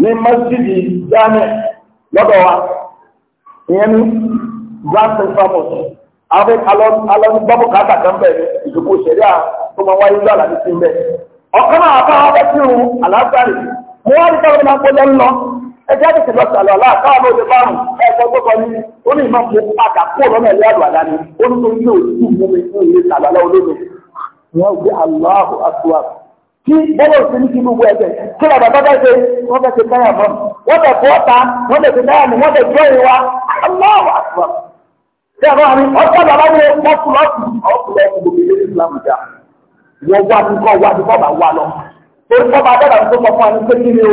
ní masjidi jami lọ́dọ̀ wa ìyẹn ní grand central mosque àwọn alọ́ni gbọ́bù káàtà kan bẹ̀rẹ̀ ìdòkò ìṣẹ̀rí à tó máa wáyé lọ́la ní sí bẹ́ẹ̀ ọ̀kan náà bá wọn bẹ́ sírun àlásàrì mo wá ní káwọn náà gbọ́dọ̀ ń lọ ẹjẹ́ àti ìṣẹ̀lọ́ sàlọ̀ aláàkáà ló lè bárùn ẹ̀kọ́ tó kọ ní ó ní ìmọ̀ mo padà kó lọ́nà ilé àdùn àdá ni ó ní tó ń gbé òtún mú mi ní ilé sàlọ̀ alá olóògbé wọn gbé aláàbò àtúwàbò kí bọ́lọ̀ sí ní kí gbogbo ẹ̀jẹ̀ kí lọ bàbá bá ṣe wọ́n bẹ̀ ṣe táyà mọ́ wọ́n bẹ̀ fọ́ ta wọ́n bẹ̀ ṣe táyà mọ́ wọ́n bẹ̀ jẹ́ ìwà aláwọ̀ àgbà tí a bá rí ọ̀pọ̀ bàbá ní ọkùnlọ́kù ọkùnlọ́kù gbogbo ilé Islam dá wọ́n wá ní kọ́ wá ní kọ́ bá wá lọ. torí kọ́ bá dábàá tó kọ́ fún wa ní pé kí ni o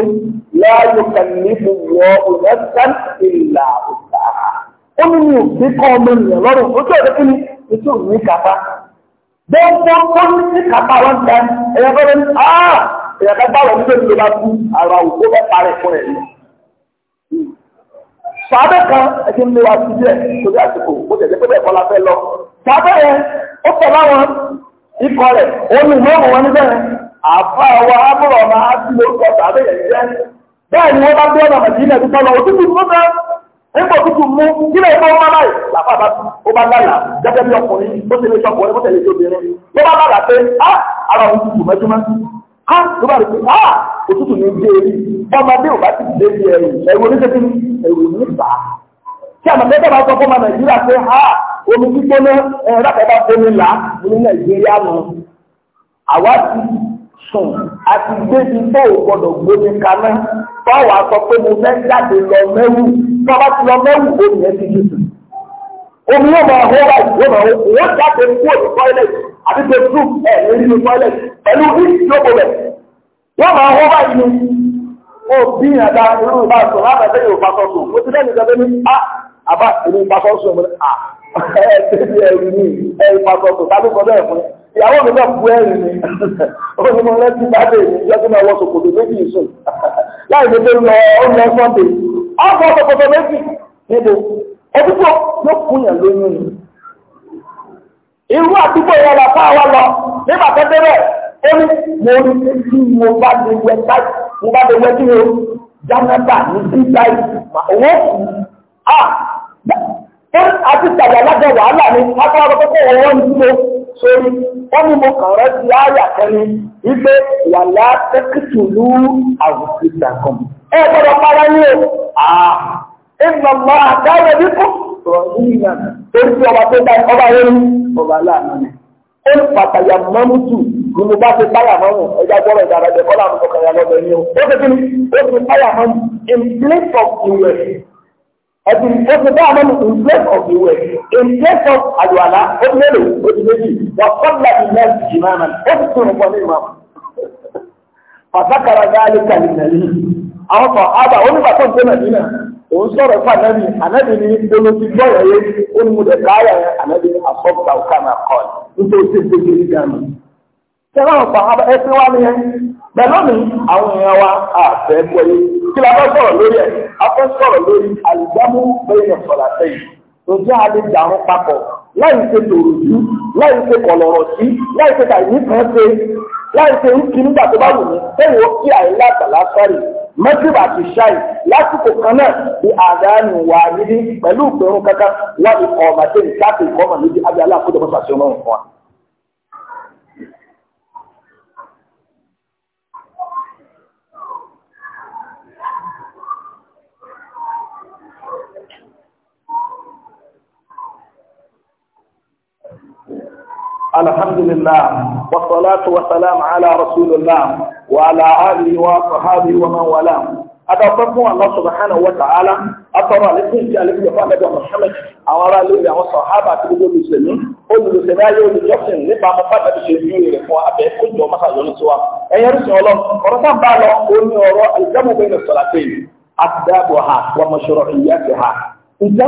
láàyò kàní mo wọ òyìnbẹ́sán ìlà òtà ó ní mi gbogbo kọ́lù sí kàtà wọn tẹ ẹ̀yẹ fẹ́ lẹ́nu áà ah! ẹ̀yẹ fẹ́ bá wọn tóbi lọ́la kú ara òkú bẹ́ parẹ́ fún ẹ̀ yìí. sàbẹ̀ kan ẹ̀jẹ̀ ń lé wa sí díẹ̀ torí àsìkò ó tẹ̀lé pé bẹ́ẹ̀ kọ́lá fẹ́ lọ. sàbẹ̀ yẹn ó tẹ̀ láwọn ikọ̀ rẹ̀ òun ìlú ọ̀hún wọn níbẹ̀ àfa wa ábúrò ọ̀nà á sí lórúkọ sàbẹ̀ yẹn jẹ́ bẹ́ẹ̀ ni wọ́n bá gbé ọ̀nà nígbà òtútù mú kílẹ̀ ìfọ́ ọmọ aláì làfà bá ó bá lálà gẹ́gẹ́ bí ọkùnrin bó ti lè ṣọkùnrin bó tẹ̀lé ṣobìnrin ló bá lálà pé á ara òun tutù mẹ́júmọ́ á ló bá rí pé á òtútù ní dé erí bọ́mọdé ò bá ti dé bí ẹrù ẹ̀rù oníṣẹ́kí ẹ̀rù ní ìgbà tí àmọ̀ tẹ́tẹ́ bá sọ fún ọmọ Nàìjíríà pé á omi gbígbóná ẹ̀rọ sùn àti débi tó o gbọdọ̀ gbóni kaná fáwọn aṣọ pé mo fẹ́ jáde lọ mẹ́wù tó bá ti lọ mẹ́wù ó nìyẹn ti jù sùn. omi yóò máa hó báyìí yóò máa hó wọ́n jáde kúrò ní toilet àti tètú ẹ̀ lórí ní toilet pẹ̀lú ìsì lóko rẹ̀ wọ́n máa hó báyìí ni ó bí ìyàdá irú ìbá sùn láti ẹgbẹ́ yóò bá sọ́sùn mo ti lẹ́nu ìjọba ní a ah, àbá ìlú ìbá sọ́sùn mi à ẹ̀ẹ́dẹ́gbẹ̀rún ní ah, ẹ̀ẹ́dẹ́gbẹ̀rún ìyàwó mi náà bu ẹ̀rìn ni òun mo rántí bàbá èmi lọ́dún náà wọ́n sòkòtò méjì sùn láì lè tó lọ ó lọ sọ́ndé ọ̀pọ̀ sòkòtò méjì níbo òdúgbò ló kúnyàn lóyún ni. irú àdúgbò yẹn la fún àwa lọ nígbà tó débẹ̀ ó ní mo ní kí mo bá lè wẹ báyìí mo bá lè wẹ kí o jánábà ní bí báyìí òun ó kù á ah! àti tàbí alájọ wàhálà ni akọ́wọ́ kókó òun wọ́n ń sórí wọ́n ní mo kàn rántí àyà kan ní wípé wàlá tẹ́kìtì lú àwùjọ ìdàkan. ẹ gbọ́dọ̀ para ní o ìnà mọ àdáyé wípé rọ̀rùn ìyá torí tí ọba tó dá ọba yẹn ní ọba láàánú ni. ó ní pàtàkì àmọ́mútù ni mo bá ti báyà mọ́mù ẹja gbọ́dọ̀ ìdàrẹ́jẹ̀ kọ́lá àmọ́ kọ̀ọ̀kan yà lọ́bẹ̀ ni o. ó ti kí ni ó in place of the ẹbí ìfọ́sọ bá àmọ́ in place of the way in place of àlùwàlá ó mélòó ó ti méjì wà kọ́lá ilé ìjìnlá náà ó ti tún nǹkan ní ìmọ̀ pàtàkàrà gáálí kàlí nàlí àwọn kan ábà onígbà tó ń tẹ́ nàlí náà òun sọ̀rọ̀ fún ànábì ànábì ní olóòtú gbọ́yọ̀ yé ó ní mo dẹ̀ káyà ànábì ní àfọ́gbà òkà náà kọ́ nítorí ó ti ṣe é tẹ́lá ọ̀pá ẹsẹ̀ wa ni pẹ̀lú mi àwọn èèyàn wa àfẹ́ wọlé kí la fẹ́ sọ̀rọ̀ lórí ẹ̀ a fẹ́ sọ̀rọ̀ lórí àlùjámú bẹ́ẹ̀ yẹn sọ̀rọ̀ àtẹ̀yìn ojú àlè dàrún papọ̀ láì ṣe tòrò jù láì ṣe kọ̀lọ̀rọ̀ sí láì ṣe tàyí kan ṣe láì ṣe ń kí nígbà tó bá wù mí tẹ́lẹ̀ ó kí àìlá tàlásárì mẹ́tìrì àti ṣáì lásìkò kan náà di àdánù wà níbi pẹ̀lú ìpẹ̀rún kankan wà ní ọ̀màṣẹ́ ìṣáàtì ìkọ́mọ̀ níbi abẹ́ aláàkójọpọ̀ ṣàṣẹ ọmọ nǹkan wa. الحمد لله والصلاة والسلام على رسول الله وعلى آله وصحابه ومن والاه adọ́gbọ́gbọ́n Allah subhanahu wa ta'ala atọ́rọ̀ àlékún ìjẹ́ àlékún ìfọ́ àgbẹ̀dọ̀ Muhammad àwọn ará lórí àwọn sọ̀hábà àti gbogbo olùsèlú olùsèlú ayé olùjọ́sìn nípa àwọn fàtàkì ṣe fi rẹ̀ fún abẹ́ kójú ọmọ sàyọ́ ní tiwa ẹ̀yẹ rísìn ọlọ ọ̀rọ̀ tá bá lọ oní ọ̀rọ̀ aljamu bayna salatayn àti dáàbò ha wà mashru'iyyatiha ìjẹ́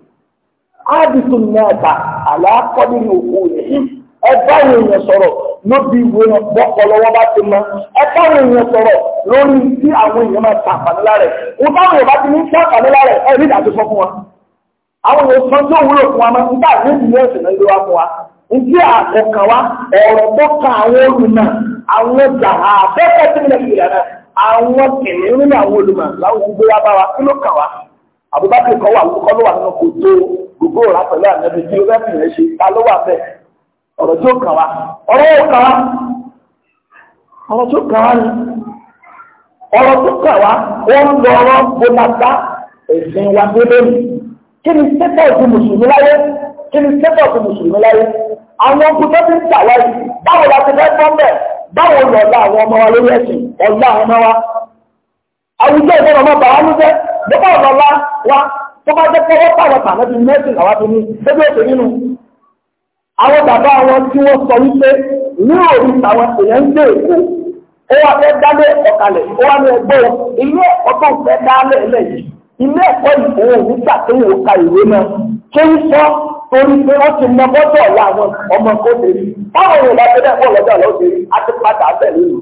ábìtún mẹ́ta àlàákọ́dé ní òkú rẹ̀ ẹ báwọn èèyàn sọ̀rọ̀ lóbi ìwé bọ́pọ̀ lọ́wọ́ bá ti mọ́ ẹ báwọn sọ̀rọ̀ lórí tí àwọn èèyàn máa ta bá ti ní tí ẹ̀ rí ìdájọ́ sọ fún wa àwọn èèyàn sọ tí fún wa máa ń gbà ní ìlú náà ló wá fún wa ìdí wa ọ̀rọ̀ tó ka àwọn olùmọ̀ àwọn gbogbo ọ̀rá pẹ̀lú ànábi tí ó bẹ́ẹ̀ fi ṣe ta ló wà bẹ́ẹ̀ ọ̀rọ̀ tí ó kàn wá ọ̀rọ̀ ó kàn wá ọ̀rọ̀ tó kàn wá ni ọ̀rọ̀ tó kàn wá wọ́n ń lọ ọ̀rọ̀ ẹ̀sìn wa kí ni mùsùlùmí láyé kí ni mùsùlùmí láyé àwọn tó ti ń tà wáyé báwo la ti fẹ́ báwo àwọn ọmọ wa lórí ẹ̀sìn tó bá jẹ́ pọ́wọ́ pàwọ́pà lẹ́bi mẹ́sìn àwọn tó ní ẹgbẹ́ òkè nínú àwọn bàbá wọn tí wọ́n sọ wípé ní òru àwọn èèyàn ń gbé èkó ó wá fẹ́ dálé ọ̀kalẹ̀ ó wá ní ẹgbẹ́ ilé ẹ̀kọ́ tó fẹ́ dálé ẹlẹ́ yìí ilé ẹ̀kọ́ ìfowó nígbà tó wò ka ìwé náà ṣé ń sọ torí pé wọ́n ti mọ bọ́tọ̀ ọ̀la àwọn ọmọ kó tèmi báwo ni ìlànà ẹgbẹ́ ẹ̀kọ́ lọ́jọ́ lọ́sẹ̀ àti pátá bẹ́ẹ̀ lónìí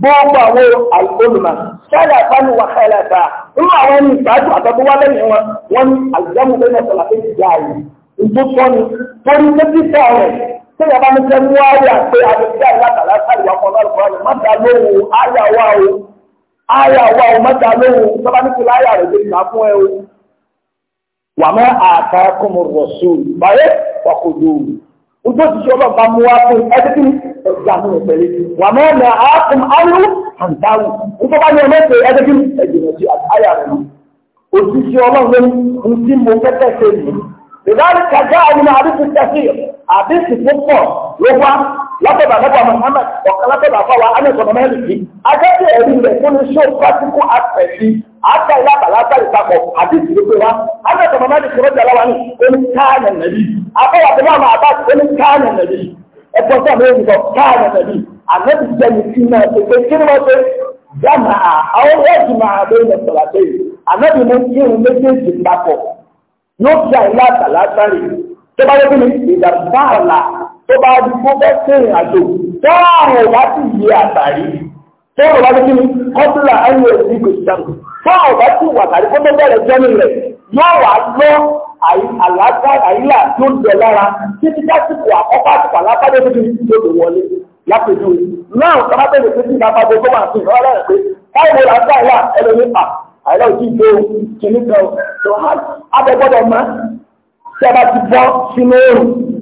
gbogbo àwọn olùmọ̀ sáyà fani wà kẹlẹ̀ta nínú àwọn ẹni ìgbàjú àtọ́gbọ́ wá lẹ́yìn wọn wọn ni àlùjáde lẹ́yìn ọ̀sán àti ìjà ààyè ìtútọ́ ni torí méjì sọ rẹ̀ tí wọ́n bá ní sẹ́ mú àyà pé àdéjà ìlàkàlà sáyà kan náà ojú òṣìṣẹ́ ọlọ́pàá mú wá fún ẹgbẹ́ tí ẹgbẹ́ àwọn ìpẹ̀lẹ̀ wà máa na àákùn áyú àǹdáwù nípa bá ní ọmọ ìpè ẹgbẹ́ tí ẹgbẹ́ tí àyà rẹ̀ mú òṣìṣẹ́ ọlọ́pàá ń tí mo kẹ́kẹ́ ṣe yìí ìdárí kàjá àwọn àdìsí tẹ̀sí àdìsí púpọ̀ ló látọ̀dà nípa Muhammad ọ̀kan látọ̀dà fáwa anẹ́sọ̀nà mẹ́rin yìí akẹ́kẹ́ ẹ̀rí rẹ̀ tó ní ṣó pàtíkù àpẹ̀sí àtà ìlàbàlá àtàrí papọ̀ àti ìdílé wa anẹ́sọ̀nà mẹ́rin kìrọ́ jẹ́ aláwa ní oní káànà nàbí abẹ́wà tó máa bá oní káànà nàbí ẹ̀pọ̀ sọ mẹ́rin sọ káànà nàbí anẹ́bí jẹ́ni tí náà ṣe pé kí ni wọ́n ṣe jama àwọn ẹ̀jì máa bẹ́ ilẹ̀ sọ̀rọ̀ àtẹ́yì anẹ́bí mú kí irun méjèèjì papọ̀ yóò fi àìlá àtàlá àtàrí tó bá yẹ kí ni ìdàgbà àlà tó bá di tó fẹ́ sẹ́yìn àjò tó àrùn láti yé àtàrí tó rọ̀ láti kí ni kọ́tùlà ayé ẹ̀sìn kò síjáàmù tó àrùn bá ti wà tàbí kó tó bẹ̀rẹ̀ jẹ́nu rẹ̀ yóò wà lọ àyíká àyílà tó lọ lára títí dásìkò àkọ́kọ́ àtìkò alábàdé tó ti tó lè wọlé lápẹjù náà kọ́lá bẹ̀rẹ̀ pé tí bàbá bọ̀ bọ́ máa fi ìrọ́ rẹ̀ pé káwọn làbá àyà ẹlẹ́ni à àyà òjì tó kìnnìkan tó hàn á bẹ gbọ́dọ̀ mọ́ tí a bá ti bọ́ sínú òrùn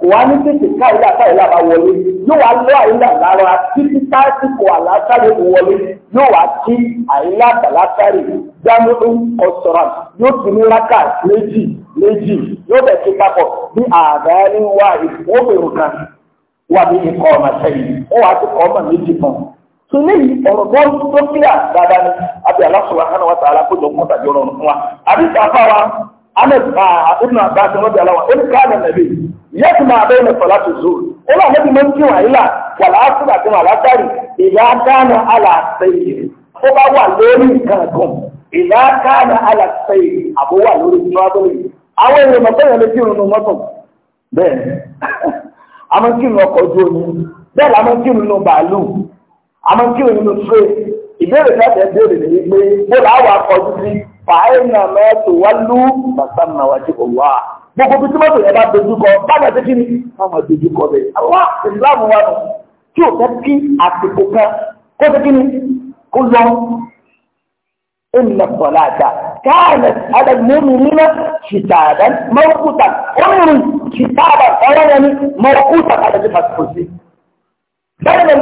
kò wá ní tètè káyìlá káyìlá bá wọlé yóò wá lọ àyílá lára títí tásìkò àlásàrè wọlé yóò wá kí àyílá ọ̀sọ̀rọ̀ yóò tún ní rákà méjì méjì yóò bẹ̀ papọ̀ bí ní wá kan wà ní ikọ̀ ọ̀nà sẹ́yìn wọ́n wá kan. yìí ọ̀rọ̀ bọ́ tó kíyà dáadáa ni àbí wa kó jọ Anas uh, ibn Abbas radiyallahu anhu in kana nabi yasma bayna salati zuhr ila nabi man kiwa ila wal asr àti wal asr ila kana ala sayyid ko bá wà lori nǹkan kan ila kana ala sayyid abu wa lórí travel awon èèyàn mo pe yan le la ta bo la wa fàáyínà mẹ́tò wá lú bàtàmà wájú òwà gbogbo bí tímọ́tò yẹn bá dojúkọ báwọn ti kí ni báwọn dojúkọ bẹ́ẹ̀ àwọn ìsìláàmù wa nù tí ò fẹ́ kí àsìkò kan kó ti kí ni kó lọ ìnà sọ̀lá àjà káàmì àdàgbẹ́mí nínú ṣìtàdà mọ́rùkútà ọ̀rùn ṣìtàdà ọ̀rọ̀ ni mọ́rùkútà àdàgbẹ́ fàṣọ sí. bẹ́ẹ̀ ni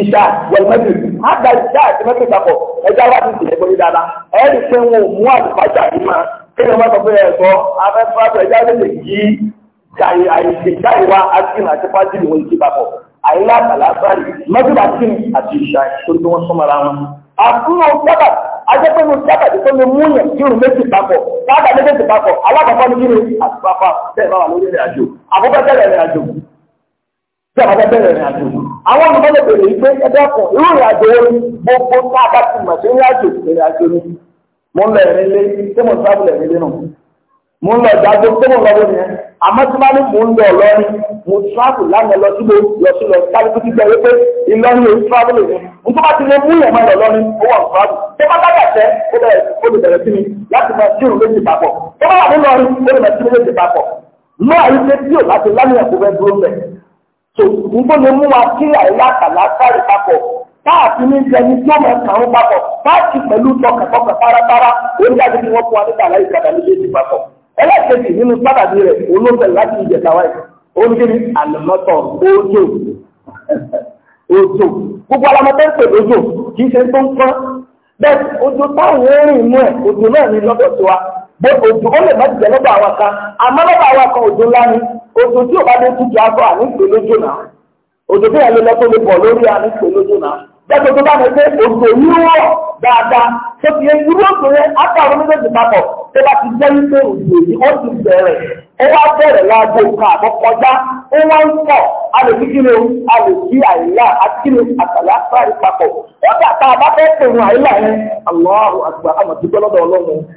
ìṣà wọ̀lmẹ́bìrì àgbà ìṣá àti mẹ́tìrì papọ̀ ẹja wá ti tìlẹ̀ gbọ́dọ̀ dáadáa ẹ̀ẹ́dì pé wọn ò mú àlùfáàjà yìí máa kí ni wọ́n sọ pé ẹ̀sọ́ afẹ́fẹ́ ẹja lè lè yí àìsèjáì wa asin àti fájìlì wọn ti papọ̀ àìlá àtàlásárì mẹ́tìrì asin àti ìṣá tó ní wọ́n súnmọ́ra wọn. àfihàn sábà ajẹ́pẹ́nu sábà tó ní mú kí irun méjì papọ̀ sábà méjèèjì àwọn olùmọ̀lẹ̀ bèrè wípé ẹgbẹ́ kan irú ìrìnàjò wo ni gbogbo tá a bá ti mọ̀ sí ìrìnàjò ìrìnàjò ni mo ń lọ ẹ̀rín lé tí mo ń sábìlẹ̀ mi lé nù mo ń lọ ìdájọ́ tí mo ń lọ bó yẹn àmọ́ tí máa ní mo ń lọ Ìlọrin mo travel lánàá lọ síbo lọ sí lọ sáré tó kíkẹ́ wípé Ìlọrin yóò travel mi n tó bá ti lè mú yẹn máa lọ lọ́rin ó wà travel tó bá bá bàtẹ́ ó bẹ̀rẹ̀ ó lè bẹ̀rẹ̀ sí mi láti máa tí òun méjì papọ̀ tó bá wà tó nǹkan lè mú wa kí àìlákàlá sáré papọ̀ táàtì ní ìjẹni tí ó máa kàrún papọ̀ táàtì pẹ̀lú tọkàtọkà párápárá orí àti tí wọ́n fún wa níta aláì kàdà ní ìjẹni papọ̀ ẹlẹ́kẹ̀ẹ́sì nínú sábàbí rẹ̀ olóńgbẹ̀ láti ìjẹta wáyé oníkiri àlùmọ́tọ̀ ojú ojú gbogbo alamọ́tẹ́ ń pè lójú kì í ṣe tó ń pọ́n bẹ́ẹ̀ ojú táwọn ń rìn mú ẹ̀ ojú náà ní lọ́dọ̀ tiwa bó òjò ó lè má ti jẹ lọ́dọ̀ àwọn kan àmọ́ lọ́dọ̀ àwọn kan òjò ńlá ni òjò tí ò bá dé tutù akọ àní ìpè lójó òjò lọ́tọ́ lè bọ̀ lórí náà tó bá mi òjò dáadáa tó ti yẹ irú òjò yẹn méjèèjì papọ̀ tó bá ti jẹ́ wípé òjò yìí ó ti bẹ̀rẹ̀ ó wá bẹ̀rẹ̀ láago nǹkan àbọ̀ kọjá ó wá ń pọ̀ a lè fi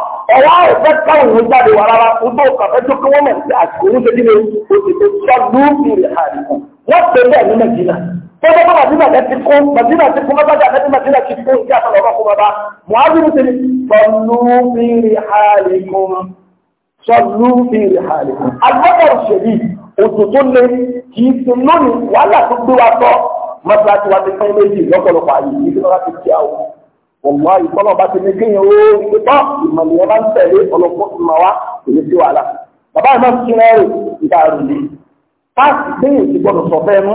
ọwọ́ ọ̀fẹ́ káwọn ìwé jáde wà rárá ọdún ọ̀kàfẹ́ tó kí wọ́n mọ̀ sí àsìkò ní ṣe nílé oṣù tó ṣọ́gbù ìrì àdìkù wọ́n pè bẹ́ẹ̀ ní nàìjíríà tó bá bá màdínà ẹ ti kó màdínà ti kó mọ́tàjà ẹ ti màdínà ti kó ìjà àtàlọ́ ọmọ kó bàbá muhammadu ti ní ṣọ́gbù ìrì àdìkù ṣọ́gbù ìrì àdìkù agbọ́dọ̀ òṣèlú oṣù tó lé kì í ti lónìí wàhálà tó gbé wa tọ́ mọ́tàjà ti wá ti pín méjì lọ́pọ̀lọpọ̀ àyè wọ̀lá ìtọ́lọ̀ bá ti ní kí yẹn ó ṣe tọ́ ìmọ̀lẹ̀ yẹn bá ń tẹ̀lé ọlọ́pọ̀ ìmọ̀ wa kò ní sí wàhálà. bàbá ìmọ̀ tuntun náà rè nígbà rèé páàkì déyìn ti gbọdọ̀ sọ fẹ́ mú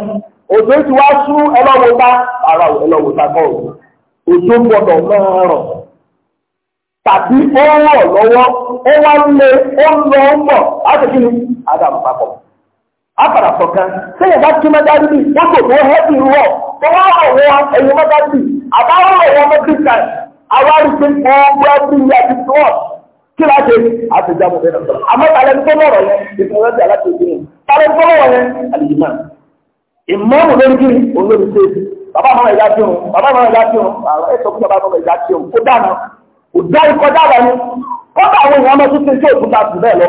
òjò ti wá sú ẹlọ́wọ́ bá ara ẹlọ́wọ́ ta kọ́ òjò gbọdọ̀ máa rọ̀ tàbí ó rọ̀ lọ́wọ́ ó wá ń lé ó ń lọ ń bọ̀ láti kí ni adam papọ̀ apàdà sọ̀kan sẹ́yìn bá kí mẹ́dárí bí ó tó tó hẹ́bì rọ̀ tó wá àwọn ẹ̀yìn mẹ́dárí bí àbáwọ̀ àwọn ọmọ christian awárí pé gbogbo ẹbí yẹ àti tó ọ̀ kí láti àti ìjàmù bẹ́ẹ̀ sọ̀rọ̀ àmọ́ tàlẹ́ ní gbọ́mọ̀ rẹ̀ yẹn ìfún ẹbí aláṣẹ ìdí yẹn tàlẹ́ ní gbọ́mọ̀ rẹ̀ yẹn àlìyìmá ìmọ̀ọ́mù lórí kí olórí ṣe bàbá àwọn ẹ̀yà tí òun bàbá àwọn ẹ̀yà tí òun àwọn ẹ̀sọ́ fún bàbá àwọn ẹ̀yà tí òun kó dáná kó dá ikọ̀ dáná ni kọ́ta àwọn èèyàn ọmọ tuntun tí òkúta jù bẹ́ẹ̀ lọ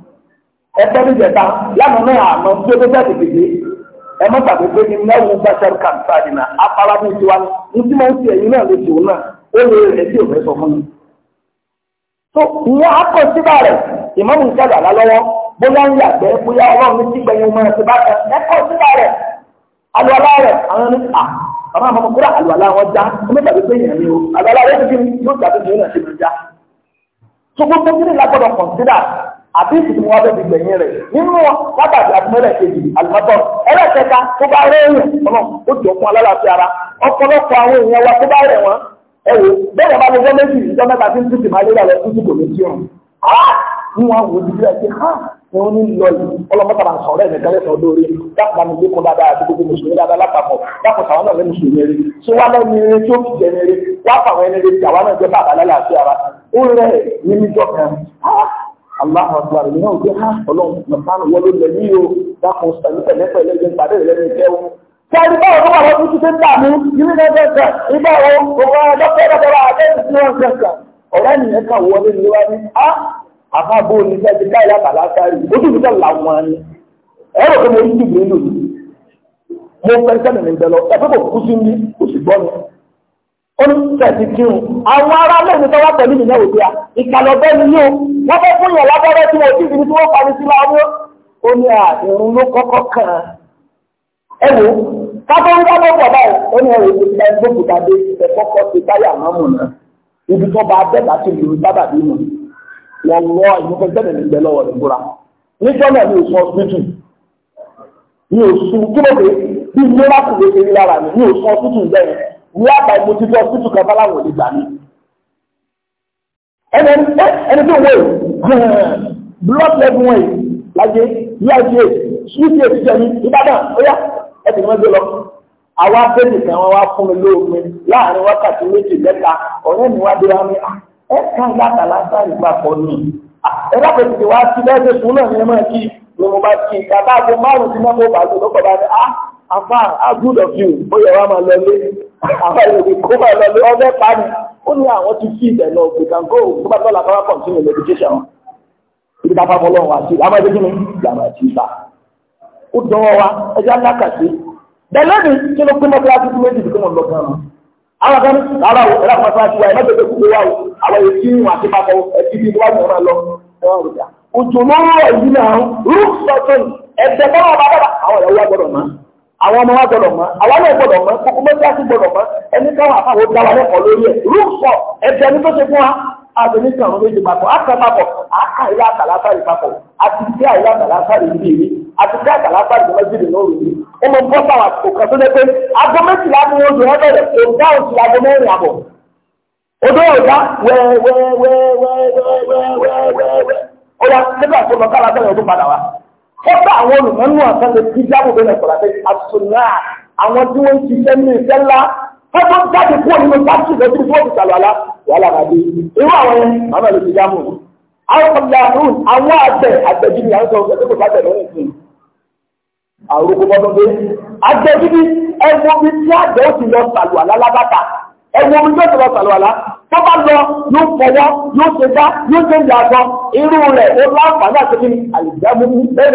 ẹgbẹ́ mi jẹta lánàá náà àná tí o tó jáde gbèdé ẹ tàbí pé ní mẹ́wùú gbàṣẹ́rù kàǹtà dìnnà afárá ní tiwa ní tí mo ń ti ẹ̀yìn náà lè tòun náà ó lè rẹ̀ tí òfin sọ fún mi. tó ìyẹn akọ síbà rẹ̀ ìmọ̀mù bóyá ń yàgbẹ́ bóyá ọlọ́run ní ọmọ bá ẹkọ síbà àwọn ní à bàbá àmọ́ kúrò wọn já àbíyèsí tí wọ́n bẹ́ ti gbẹ̀yìn rẹ̀ nínú wákàtí àtúmọ̀lẹ̀ kejì àlùmọ́tọ̀ ẹlẹ́kẹta tó bá rẹ́yìn ọ̀nà ó jọ fún alálàáfíà ara ọ̀pọ̀lọpọ̀ àwọn èèyàn wa tó bá rẹ̀ wọ́n ẹ̀wò bẹ́ẹ̀ bá gbogbo méjì ìjọ mẹ́ta tí ń tún tìmá lé lọ tún kò ní tí ọ̀run ní wọn wò ó ti ha ni wọn ní lọ yìí ọlọmọta máa sọ̀rọ̀ ẹnì kan lẹsọ lórí dápò àmì ìgbéko dáadáa àti gbogbo mùsùlùmí dáadáa lápapọ̀ dápò sàwọn náà lé mùsùlùmí rí tí wọn lẹnu eré tí ó fi jẹ ní eré wọn fàwọn ẹni rí tí àwọn náà jẹ bàbá lálẹ́ àti ara ó rẹ ní níjọ kan aláhùn àgbà rẹ̀ náà gbé ọlọ́run nàfàánù wọlé lẹ́yìn o dákun sàmì pẹ̀lẹ́pẹ̀lẹ́ jẹ́ pàdé rẹ̀ lẹ́nu jẹ́ o. sáré báwo ló wà lọ́dún títí ń dà mí yìí ní ẹgbẹ́ ìgbà wo òun àwọn dọ́kítà dọ́kítà àtẹ́sí ní wọn kẹsàn-án ọ̀rẹ́ nìyẹn kan wọlé ní wá ní á àbábọ̀ ní sẹ́ẹ̀dì káyà bàlá sáré ojú mi sẹ́ẹ̀ làwọn ni ẹ̀rọ tó mo ń dìbò nílò mo fẹ́ sẹ́ni mi bẹ̀ lọ ẹ̀fẹ́ kò kú sí mi kò olùsẹ̀sì kírun àwọn ará lẹ́yìn tó wá pẹ̀lú ìyẹn òbí a ìkàlọ̀bẹ́ ni yóò wọ́n fẹ́ fún yẹn lábẹ́rẹ́ tí wọ́n ti fi tí wọ́n parí sí láwọ́ ó ní àìrùn ló kọ́kọ́ kàn án ẹ wò ó kábọ́n bá lọ́pọ̀ báyìí ó ní ẹ̀rọ ìlú ẹ gbógun tàbí ìfẹ́ kọ́kọ́ ti táyà mọ́mù náà ibi tó bá bẹ́ẹ̀ ti lù bábà bí mọ̀ wọ́n lọ ìmúkọ́sẹ́ni ní ní àgbà ìmòtítọ́ títù kan báláwọ̀ ìgbà mi. ẹni tó wọ̀ blood level wọ̀nyí lájẹ́ usa uca títẹ̀ ní ìbàdàn ọ̀yá ẹ̀sìn mẹ́jọ lọ. àwa abẹ́lẹ̀ kan wọn wá fún mi lóògùn láàrin wákàtí méjì mẹ́ta ọ̀rẹ́ mi wá dé wá mi ẹ ká ìlàkà lásán ìgbàpọ̀ ni ẹ lápẹ̀ tètè wá sí bẹ́ẹ̀ tó sùn náà ní ẹ máa kí ni mo bá kí ìta bá a fẹ́ márùn-ún sí mẹ́fọ́ bàálù lọ́pọ̀ bá a ní ah afa how good of you ó yẹ wá máa lọ lé àwọn ìròyìn kó bá lọ lé ọbẹ̀ pani ó ní àwọn ti fi ibẹ̀ lọ gbé kan kó tó bá lọ́la káwá kọ̀ǹtínú lẹ́díkéṣàn ibi tá a bá fọ́ lọ́wọ́ àti àwọn ẹgbẹ́ gíní làwọn àti ibà ó dánwọ́ wa ẹja ńlá kàṣe bẹ́ẹ̀ lónìí kí ló pé mọ́tò láti fún méjì tó mọ̀ lọ gan an àwọn kan rárá o ẹ̀rọ àpapọ̀ àti wa ẹ̀ mọ́tò tó kú wa o àwọn èsì wọn àti bàbá o ẹ̀sì bíi wọ́n mọ̀ lọ òjò lóró ẹ̀yìn náà rúùsọ̀tún ẹ̀sẹ̀ bọ́lá bàbá àwọn ẹ̀rọ wa gbọ́dọ̀ máa àwọn ọmọ wa gbọ́dọ̀ mọ̀ àwọn náà gbọ́dọ̀ mọ̀ kókó mẹsàásì gbọ́dọ̀ mọ̀ ẹni káwọn àfàwọn dáwà lẹ́kọ̀ọ́ lórí ẹ rúùsọ ẹsẹ ẹni tó ṣe fún wa àbẹ̀ní kan àwọn méjì papọ̀ àkà papọ̀ àkà ilé àtàlásárì papọ̀ àti ilé àìlé àtàlásárì ìlú ìlú àti ilé àtàlásárì ìlú méjì lóru ìlú ó mọ bọ́ sáwà òkà tó lẹ́pẹ́ aago méjìlá ni wọ́n jọ ọ́bẹ̀rẹ̀ òǹkà òsì aago kọ́tà àwọn olùmọ́nú àtàlẹ̀ tí jáwò bẹ́ẹ̀ kọ̀lá pé àtúnná àwọn tí wọ́n ń ṣiṣẹ́ ní iṣẹ́ ńlá fẹ́tọ́ jáde kúrò nínú táàkì lọ sí fọ́ọ̀tù sàlọ́lá wàhálà àbí irú àwọn yẹn màmá lè ti jámù. àwọn ọ̀gbìn àwọn àgbẹ̀ àgbẹ̀jì ni à ń sọ ọ̀gbẹ̀ tó kò bá bẹ̀ lọ́rùn sí i. àrùn kò bọ́dọ̀ dé àgbẹ̀jì ni ẹgbẹ́ omi tí àgbẹ̀ ó ti lọ ẹwọ omi tó tọrọ sàlùwàlá tó bá lọ yóò fọwọ́ yóò ṣe dá yóò ṣe ń yàtọ̀ irú rẹ̀ ó láǹfààní àtẹ́kí àlìjáde bẹ́ẹ̀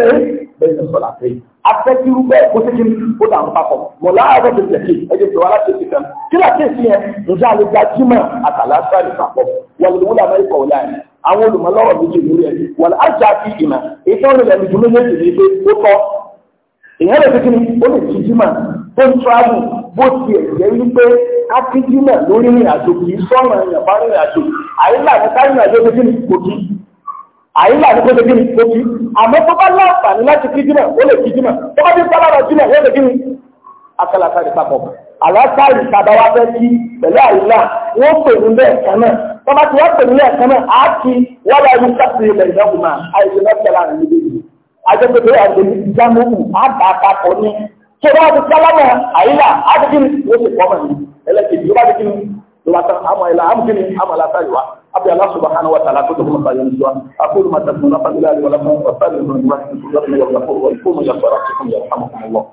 bẹ́ẹ̀ sọ̀rọ̀ àfẹ́ afẹ́kírú bẹ́ẹ̀ kó tẹ́kí ó dà ń papọ̀ mọ̀ láàárọ̀ tó tẹ̀lé ẹjẹ tó wàhálà tó ti fẹ́ kí láti ṣe yẹn ǹjẹ́ àlejò ajímọ̀ àtàlásà rẹ̀ papọ̀ wàlúwàlú amẹ́ríkà ọ̀la yẹn àwọn olùmọ̀lọ́rọ̀ méjì lórí ẹ̀ wàlú àjà fi ìmọ̀ ìtọ́ni lẹ́nu jùlọ méjì ní ilé ó tọ́ èèyàn lè fi kí ni ó lè ti jímọ̀ bó travel bó tiẹ̀ jẹ́ wípé ákíjínà lórí ìrìn àjò kì í sọ̀rọ̀ èèyàn bá rìnrìn àjò àyílà ní káyìn àjò tó kíni kò kí àyílà ní kóso kíni kò kí àmọ́ tó bá láǹfààní láti kíjínà ó lè kíjínà tó bá ti sálára jìnà yóò lè kíni akálàkà ní papọ̀ àlàáfààní tàbá wá fẹ́ kí pẹ̀lú àyílà wọ́n pè ní bẹ́ẹ̀ kan náà tó bá ti wá pè ní bẹ́ẹ̀ kan náà á kí wọ́n bá yí sàkóso ilẹ̀ ìdọ́kùnmá àìsàn náà tẹ̀lé àwọn ìdílé yìí àjẹpẹ̀tẹ̀ àgbẹ̀ jámọ́kù á bá a papọ̀ ní tó bá ti sálámà àyílà àdìgín ló ti pọ́mọ̀ ní ẹlẹ́kẹ̀ẹ́ ló bá ti kíni ló bá tán àmọ̀ ìlà àmùkíni àmọ̀ látàrí wa أبي الله سبحانه وتعالى كل من قيم سوى أقول ما تكون لقد لا لي ولكم وسلم من الله سبحانه وتعالى ويكون يسرى يرحمكم الله